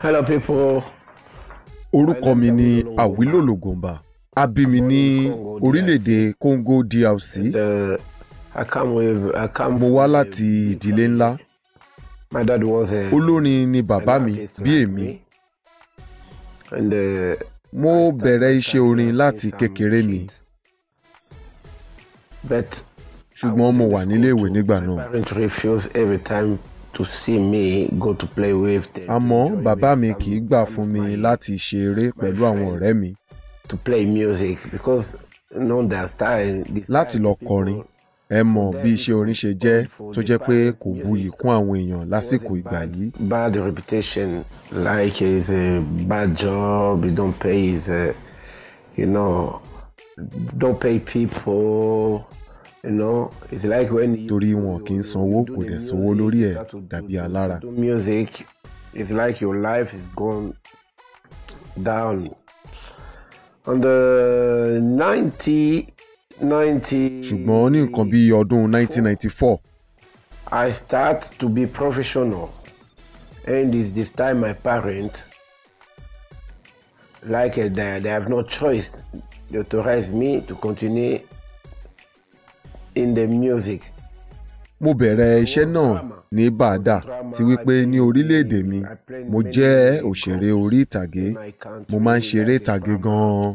Hello people. Orúkọ mi ni Àwílò Lògùnbà. A bí mi ní orílẹ̀-èdè Congo DRC. Uh, mo wá láti ìdílé ńlá. Olórin ni bàbá mi bí èmi. Uh, mo bẹ̀rẹ̀ iṣẹ́ orin láti kékeré mi. Ṣùgbọ́n mo wà níléèwé nígbà náà to see me go to play with them. àmọ́ bàbá mi kì í gbà fún mi láti ṣe eré pẹ̀lú àwọn ọ̀rẹ́ mi. to play music because you know their style. láti lọ kọrin ẹ mọ̀ bí iṣẹ́ orin ṣe jẹ́ tó jẹ́ pé kò buyì kún àwọn èèyàn lásìkò ìgbà yìí. bad reputation like it's a bad job you don't pay is a, you know don't pay people torí wọn kì í sanwó kò dẹ̀ sanwó lórí ẹ̀ dàbí alára. music it's like your life is gone down on the ninety ninety. ṣùgbọ́n ní nǹkan bíi ọdún nineteen I start to be professional and it's this time my parents like they, they have no choice they authorize me to continue in the music. mo bẹ̀rẹ̀ iṣẹ́ náà ní bàdà ti wípé ní orílẹ̀-èdè mi mo jẹ́ òṣèré orí ìtàgé mo máa ń ṣeré ìtàgé gan-an.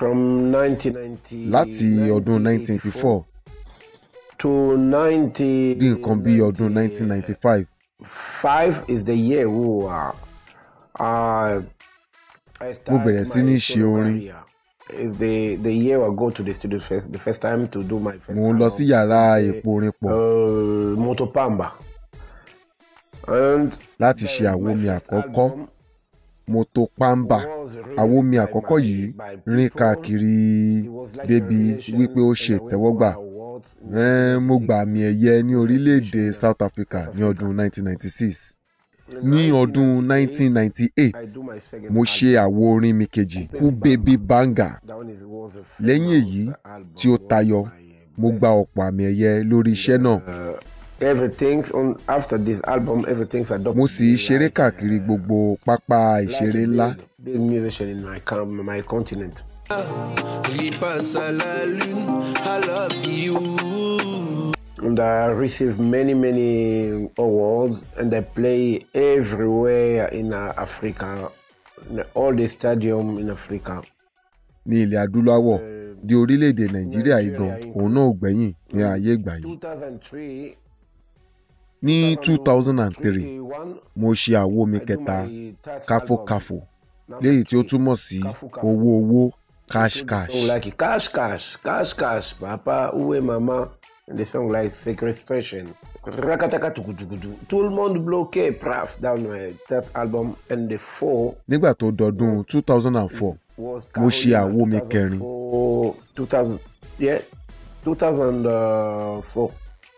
from 1990. láti ọdún 1984 to 90. di nǹkan bí ọdún 1995. five is the year wo. Uh, mo bẹ̀rẹ̀ sí ní ṣe orin is the the year I go to the studio first the first time to do my first. mo lọ sí yàrá èpo orin uh, moto pamba. And láti ṣe àwo mi àkọ́kọ́ moto pamba àwo mi àkọ́kọ́ yìí rìn káàkiri débi wípé ó ṣe ìtẹ́wọ́gbà mo gba àmì ẹ̀yẹ ní orílẹ̀-èdè South Africa ní ọdún 1996 ní ọdún 1998 mo ṣe àwo orin mi kejì kú baby banga lẹ́yìn èyí tí ó tayọ uh, mo gba ọ̀pọ̀ àmì ẹ̀yẹ lórí iṣẹ́ náà. on after this album everything's adopted. mo sì ṣeré káàkiri uh, gbogbo pápá ìṣeré ńlá. big in my, com my continent. Uh, and I received many, many awards. And I play everywhere in uh, Africa, in all the stadium in Africa. ní ilẹ̀ adúláwọ̀ um, di orílẹ̀-èdè nàìjíríà ìdàn òun náà gbẹ̀yìn ní ayé ìgbà yìí. ní two thousand and three mo ṣe àwo mi kẹta káfókáfó léyìí tí ó túmọ̀ sí owó owó cash cash. cash cash cash cash papa uwe mama the song like Sequestration. Rakataka tukutukutu. Tout le monde bloqué, praf, down my third album and the four. Nígbà tó dọdún two thousand and four, mo ṣe àwo mi kẹrin. two thousand yeah two thousand four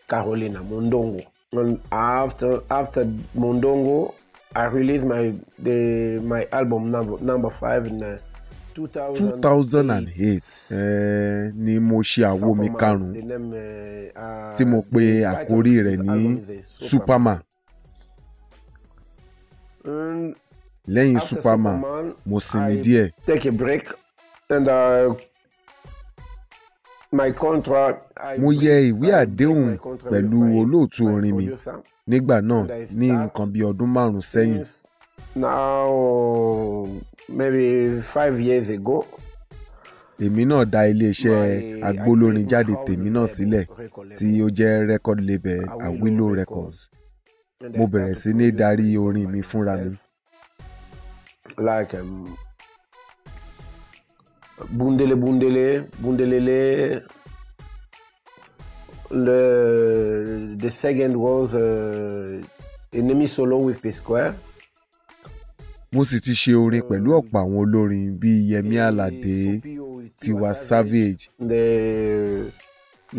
Carolina Mondongo. And after after Mondongo, I released my the my album number number five in. Uh, two thousand and eight eh, ni mo ṣe àwo mi karùn-ún eh, ah, tí mo pe àkórí rẹ̀ ní eh, Superman lẹ́yìn Superman mo sinmi díẹ̀. take a break and uh, my contract. mo yẹ ìwé àdéhùn pẹ̀lú olóòtú orin mi nígbà náà ní nǹkan bíi ọdún márùn-ún sẹ́yìn now maybe five years ago. èmi náà dá iléeṣẹ́ agbólórin jáde tèmi náà sílẹ̀ tí ó jẹ́ record label Awilo Records mo bẹ̀rẹ̀ sí ní darí orin mi fúnra mi. like um, bundele bundele bundelele le the second was uh, enemy solo with P Square mo sì ti ṣe orin pẹ̀lú ọ̀pọ̀ àwọn olórin bíi Yẹmí Aládé Tiwa Savage. the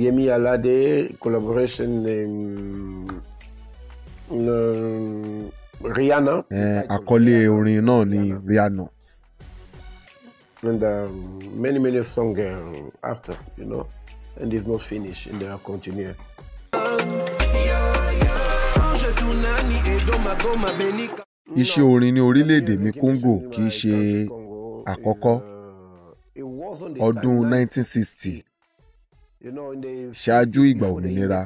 Yemi Alade collaboration um, um, Rihanna. Eh, àkọlé orin náà ni Rihanna. and um, many many songs um, after you know and it's not finished and they are continuing. Yeah, yeah. Iṣẹ́ orin ní orílẹ̀-èdè mi Congo kì í ṣe àkọ́kọ́. Ọdún 1960 ṣáájú ìgbà òmìnira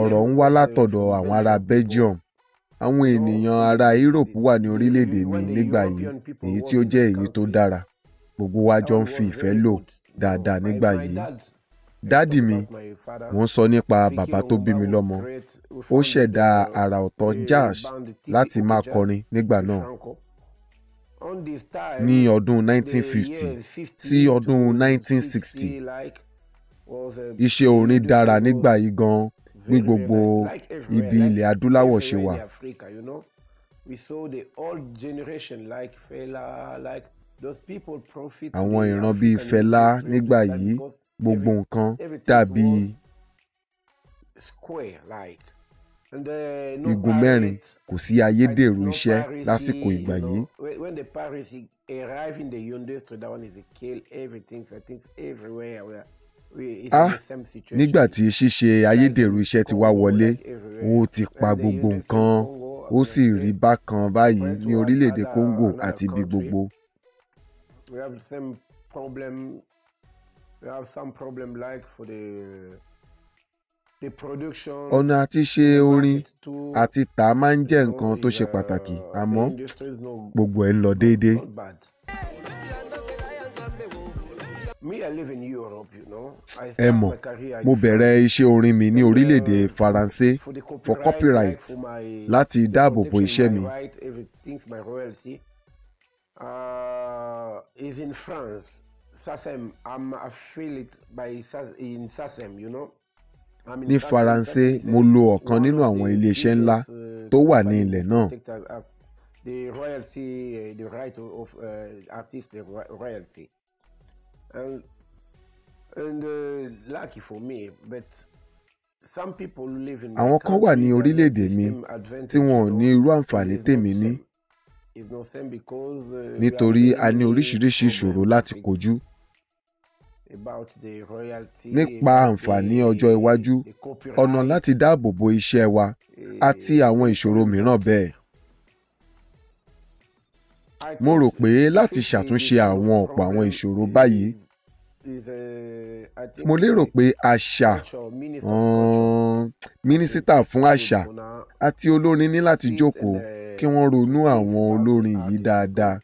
ọ̀rọ̀ ń wá látọ̀dọ̀ àwọn ará Belgium àwọn ènìyàn ará Europe wà ní orílẹ̀-èdè mi nígbà yìí èyí tí ó jẹ́ èyí tó dára gbogbo wa jọ ń fi ìfẹ́ lò dáadáa nígbà yìí dádì mi wọ́n sọ nípa bàbá tó bí mi lọ́mọ ó ṣẹ̀dá àrà uh, ọ̀tọ̀ jazz láti máa kọrin nígbà náà ní ọdún 1950 sí ọdún 1960 iṣẹ́ orin dára nígbà yìí gan ní gbogbo ibi ilẹ̀ adúláwọ̀ ṣe wà. We saw the Àwọn ìran bíi Fela nígbà yìí gbogbo nǹkan dàbí igun mẹ́rin kò sí ayédèrú iṣẹ́ lásìkò ìgbà yìí. a ah nígbà tí ṣíṣe ayédèrú iṣẹ́ ti wá wọlé ó ti pa gbogbo nǹkan ó sì rí bákan báyìí ní orílẹ̀-èdè Congo àti ibi gbogbo. We ọ̀nà àti ṣe orin àti tà máa ń jẹ́ nǹkan tó ṣe pàtàkì uh, àmọ́ gbogbo ẹ̀ ń lọ déédéé. ẹ mọ̀ mo bẹ̀rẹ̀ iṣẹ́ orin mi ní orílẹ̀-èdè uh, Faransé for copyright láti dáàbò bo iṣẹ́ mi. Uh, is in France in you know. ní Faransé mo lò ọ̀kan nínú àwọn iléeṣẹ́ ńlá uh, tó wà ní ilẹ̀ náà. The royalty, uh, the right of uh, artist royalty. And, and uh, lucky for me, but some people live in. Àwọn kan wà ní orílẹ̀-èdè mi tí wọn ò ní irú àǹfààní tèmi ní. Nítorí a ní oríṣiríṣi ìṣòro láti kojú nípa àǹfààní ọjọ́ iwájú ọ̀nà láti dáàbò bo iṣẹ́ wa àti àwọn ìṣòro mìíràn bẹ́ẹ̀. mo rò pé láti ṣàtúnṣe àwọn ọ̀pọ̀ àwọn ìṣòro báyìí uh, mo lérò pé àṣà um, mínísítà fún àṣà àti olórin ní láti jókòó kí wọ́n ronú àwọn olórin yìí dáadáa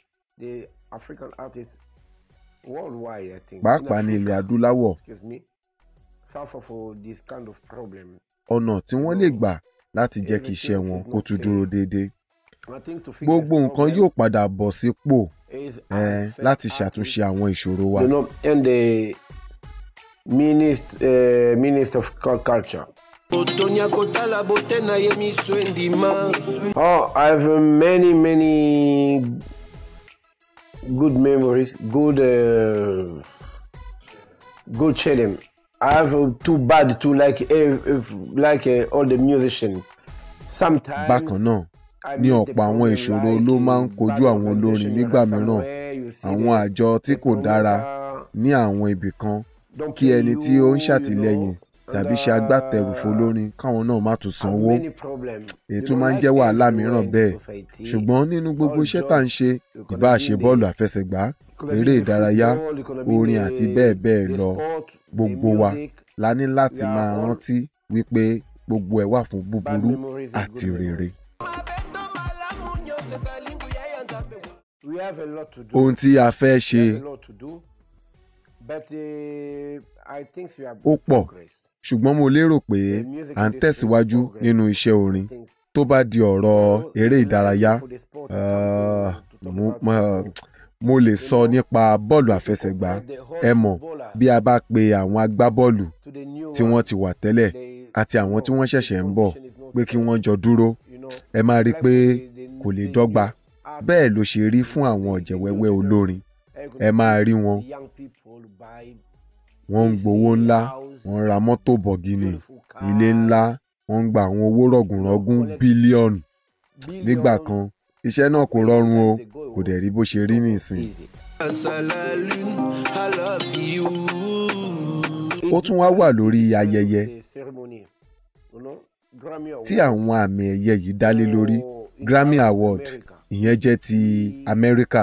pàápàá ní ilẹ̀ adúláwọ̀ uh, ọ̀nà tí wọ́n lè gbà láti jẹ́ kí iṣẹ́ wọn kó tún dúró déédéé gbogbo nǹkan yóò padà bọ̀ sípò láti ṣàtúnṣe àwọn ìṣòro wa. Uh, Minister of Culture. Oh, I have many, many good memories, good uh, good Chilling. I have too bad to like if, like uh, all the musicians. Sometimes. Bákan náà, ní ọ̀pọ̀ àwọn ìṣòro ló máa ń kojú àwọn olórin nígbà mìíràn. Àwọn àjọ tí kò dára ní àwọn ibì kan kí ẹni tí ó ń ṣàtìlẹ́yìn tàbí ṣe agbátẹrù fọlọ́rin káwọn náà má tún sanwó ètò máa ń jẹ́ wàhálà mìíràn bẹ́ẹ̀ ṣùgbọ́n nínú gbogbo iṣẹ́ tá à ṣe ìbá ṣe bọ́ọ̀lù àfẹsẹ̀gbá eré ìdárayá orin àti bẹ́ẹ̀ bẹ́ẹ̀ lọ gbogbo wa la ní láti máa rántí wípé gbogbo ẹ̀ wà fún búburú àti rere. ohun tí a fẹ́ ṣe Uh, ó pọ̀ ṣùgbọ́n mo lérò pé à ń tẹ̀síwájú nínú iṣẹ́ orin tó bá di ọ̀rọ̀ eré ìdárayá ah, mo lè sọ nípa bọ́ọ̀lù àfẹsẹ̀gbá ẹ mọ̀ bí a bá pe àwọn agbábọ́ọ̀lù tí wọ́n ti wà tẹ́lẹ̀ àti àwọn tí wọ́n ṣẹ̀ṣẹ̀ ń bọ̀ pé kí wọ́n jọ dúró ẹ máa rí i pé kò lè dọ́gba bẹ́ẹ̀ ló ṣe rí fún àwọn ọ̀jẹ̀wẹ́wẹ́ olórin ẹ máa rí wọn wọ́n ń gbowó ńlá wọ́n ń ra mọ́tò bọ̀gìnì ilé ńlá wọ́n ń gba àwọn owó rọ̀gùnrọ̀gùn bílíọ̀nù nígbà kan iṣẹ́ náà kò rọrùn o kò dẹ̀ rí bó ṣe rí nìsín. ó tún wá wà lórí ayẹyẹ tí àwọn àmì ẹ̀yẹ yìí dálé lórí Grammy Award ìyẹn jẹ́ ti Amẹ́ríkà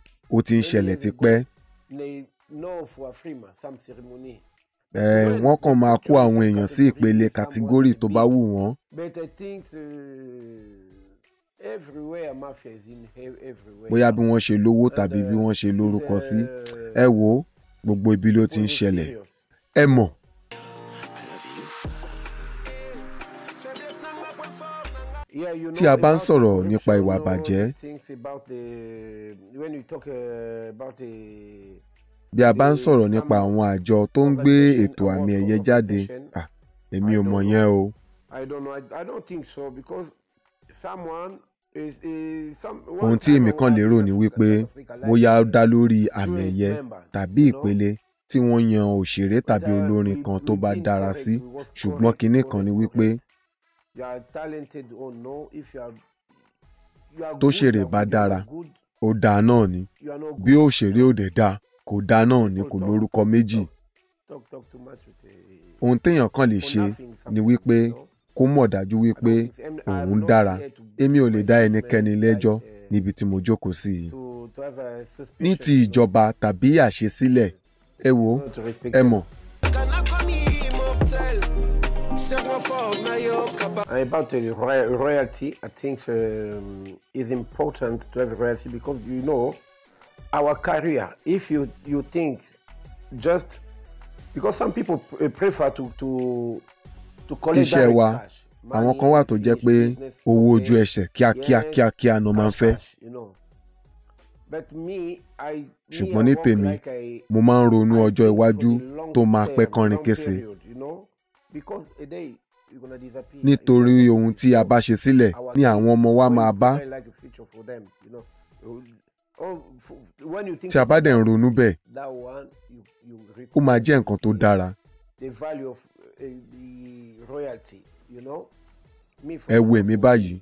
ó ti ń ṣẹlẹ̀ tipẹ́. wọ́n kàn máa kó àwọn èèyàn sí ìpele kàtígórì tó bá wù wọ́n. Uh, bóyá bí wọ́n ṣe lówó tàbí bí uh, wọ́n ṣe lórúkọ sí uh, ẹ wo gbogbo ibi ló ti ń ṣẹlẹ̀ ẹ mọ̀ tí a bá ń sọ̀rọ̀ nípa ìwà àbàjẹ́ uh, bí a bá ń sọ̀rọ̀ nípa àwọn àjọ tó ń gbé ètò àmì ẹ̀yẹ jáde èmi ò mọ̀ yẹn o. I don't know. I, I don't think so because someone is, is some. ohun tí èmi kan lérò ni wípé bóyá ó dá lórí àmì ẹ̀yẹ tàbí ìpele tí wọ́n yan òṣèré tàbí uh, olórin kan tó bá dára sí ṣùgbọ́n kinní kan ni wípé tó ṣeré bá dára ó dáa náà ni bí òṣèré òdẹ dáa kò dáa náà ni oh, kò lórúkọ méjì ohun téèyàn kàn lè ṣe ni wípé kó mọ̀ dájú wípé òun dára èmi ò lè dá ẹnikẹ́ni lẹ́jọ́ uh, níbi tí mo jókòó sí i. ní ti ìjọba tàbí àṣesílẹ̀ ẹ wo ẹ mọ̀ About the royalty, I think um, it's important to have royalty because you know our career. If you you think just because some people uh, prefer to to to collect iṣẹ́ wa àwọn kan wà tó jẹ́ pé owó ojú ẹsẹ̀ kíákíá kíákíá ni wọ́n máa ń fẹ́ ṣùgbọ́n ní tèmi mo máa ń ronú ọjọ́ iwájú tó máa pẹ́ kánrin kése nítorí ohun tí a bá ṣe sílẹ̀ ni àwọn ọmọ wa máa bá tí a bá dẹ̀ ń ronú bẹ́ẹ̀ ó máa jẹ́ nǹkan tó dára. Eh, ẹ wo èmi báyìí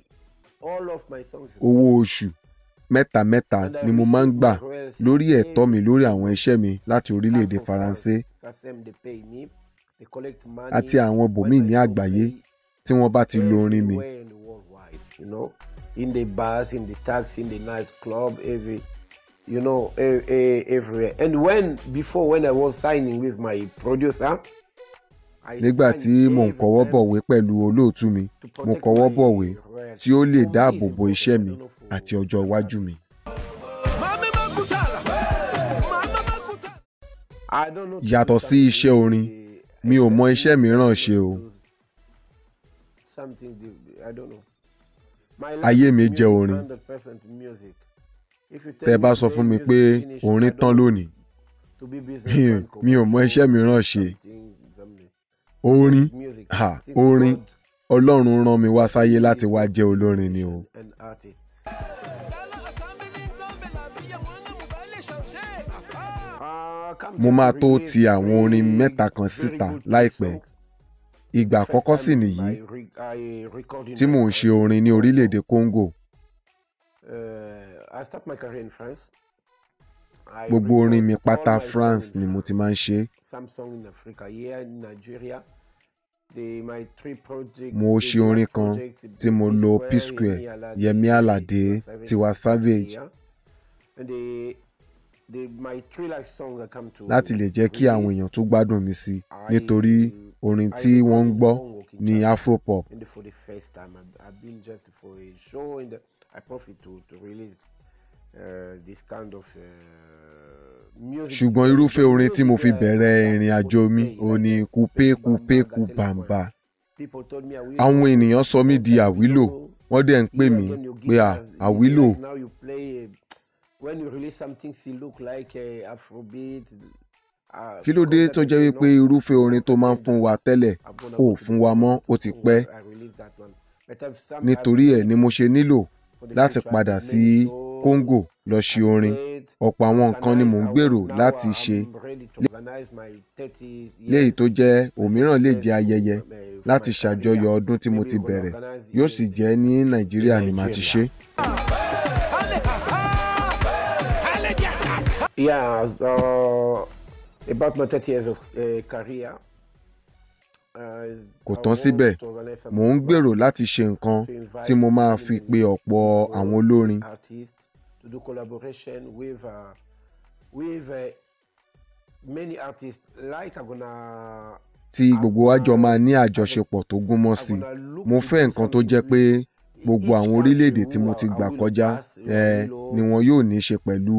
owó oṣù mẹ́ta mẹ́ta ni mo máa ń gbà lórí ẹ̀tọ́ mi lórí àwọn iṣẹ́ mi láti orílẹ̀-èdè Faransé àti àwọn bòmíì ní àgbáyé tí wọ́n bá ti lo orin mi. You know, in the bars, in the taxi, in the nightclub, every, you know, e, e, everywhere. And when before when I was signing with my producer. Nígbà tí mò ń kọwọ́ bọ̀wé pẹ̀lú olóòtú mi, mo kọwọ́ bọ̀wé tí ó lè dáàbò bo iṣẹ́ mi àti ọjọ́ iwájú mi. Yàtọ̀ sí iṣẹ́ orin, mi ò mọ iṣẹ́ mìíràn ṣe o. ayé mi jẹ́ orin. tẹ́ bá sọ fún mi pé orin tán lónìí mi ò mọ iṣẹ́ mìíràn ṣe. orin ha orin ọlọ́run rán mi wá sáyé láti wá jẹ́ olórin ni o. mo máa tó ti àwọn orin mẹ́ta kan síta láìpẹ́ ìgbà àkọ́kọ́ sì nìyí tí mò ń ṣe orin ní orílẹ̀-èdè Congo. Uh, Gbogbo orin mi pátá France ni mo ti máa ń ṣe. Mo ṣe orin kan tí mo lo P-Square, Yemi Alade, Tiwa Savage láti lè jẹ́ kí àwọn èèyàn tó gbádùn mi sí nítorí orin tí wọ́n ń gbọ́ ní afropop. ṣùgbọ́n irúfẹ́ orin tí mo fi bẹ̀rẹ̀ ìrìn àjò mi ò ní kúpé kúpé kú bàǹbà. àwọn ènìyàn sọ mí di àwílò wọ́n dẹ̀ ń pè mí pé àwílò when you release something to look like uh, afrobeat. kí ló dé tó jẹ́ wípé irúfẹ́ orin tó máa ń fún wa tẹ́lẹ̀ kò fún wa mọ́ ó ti oh, pẹ́ um, nítorí ẹ̀ ni mo ṣe nílò láti padà sí Congo lọ ṣe orin ọ̀pọ̀ àwọn nǹkan ni mò ń gbèrò láti ṣe léyìí tó jẹ́ òmíràn lè jẹ́ ayẹyẹ eh, láti ṣàjọyọ̀ ọdún tí mo ti bẹ̀rẹ̀ yóò sì jẹ́ ní Nàìjíríà ni màá ti ṣe. Yeah. Yeah, so about my 30 years of eh, uh, career. kò tán síbẹ̀ mò ń gbèrò láti ṣe nǹkan tí mo máa fi pe ọ̀pọ̀ àwọn olórin. To do collaboration with, uh, with uh, many artists like Agona. tí gbogbo wa jọ máa ní àjọṣepọ̀ tó gúnmọ́ sí i mo fẹ́ nǹkan tó jẹ́ pé gbogbo àwọn orílẹ̀-èdè tí mo ti gbà kọjá eh, ni wọn yóò ní í ṣe pẹ̀lú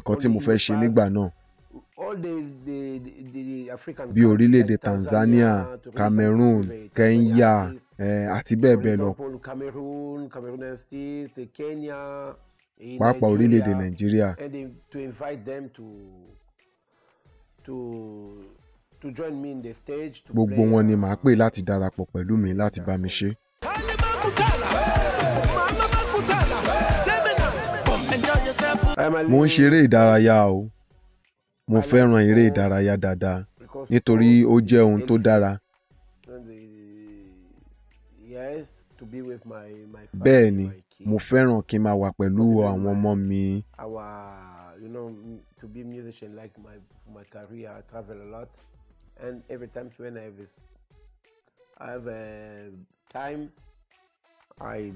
nǹkan tí mo fẹ́ ṣe nígbà náà. bí orílẹ̀-èdè Tanzania Cameroon Kenya àti bẹ́ẹ̀ bẹ́ẹ̀ lọ pàápàá orílẹ̀-èdè Nàìjíríà. gbogbo wọn ni màá pè láti darapọ̀ pẹ̀lú mi láti bá mi ṣe. mo ń ṣeré ìdárayá o mo fẹ́ràn eré ìdárayá dáadáa nítorí ó jẹ́ ohun tó dára. bẹ́ẹ̀ ni mo fẹ́ràn kí n máa wà pẹ̀lú àwọn ọmọ mi. my my and every time I have uh, times, I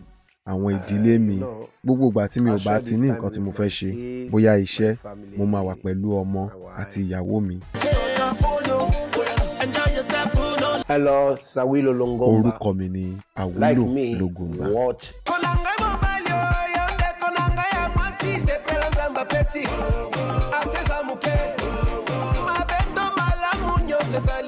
àwọn ìdílé mi gbogbo ìgbà tí mi ò bá ti ní nǹkan tí mo fẹ́ ṣe bóyá iṣẹ́ mo máa wà pẹ̀lú ọmọ àti ìyàwó mi. orúkọ mi ni Awilo Longomba. Like me,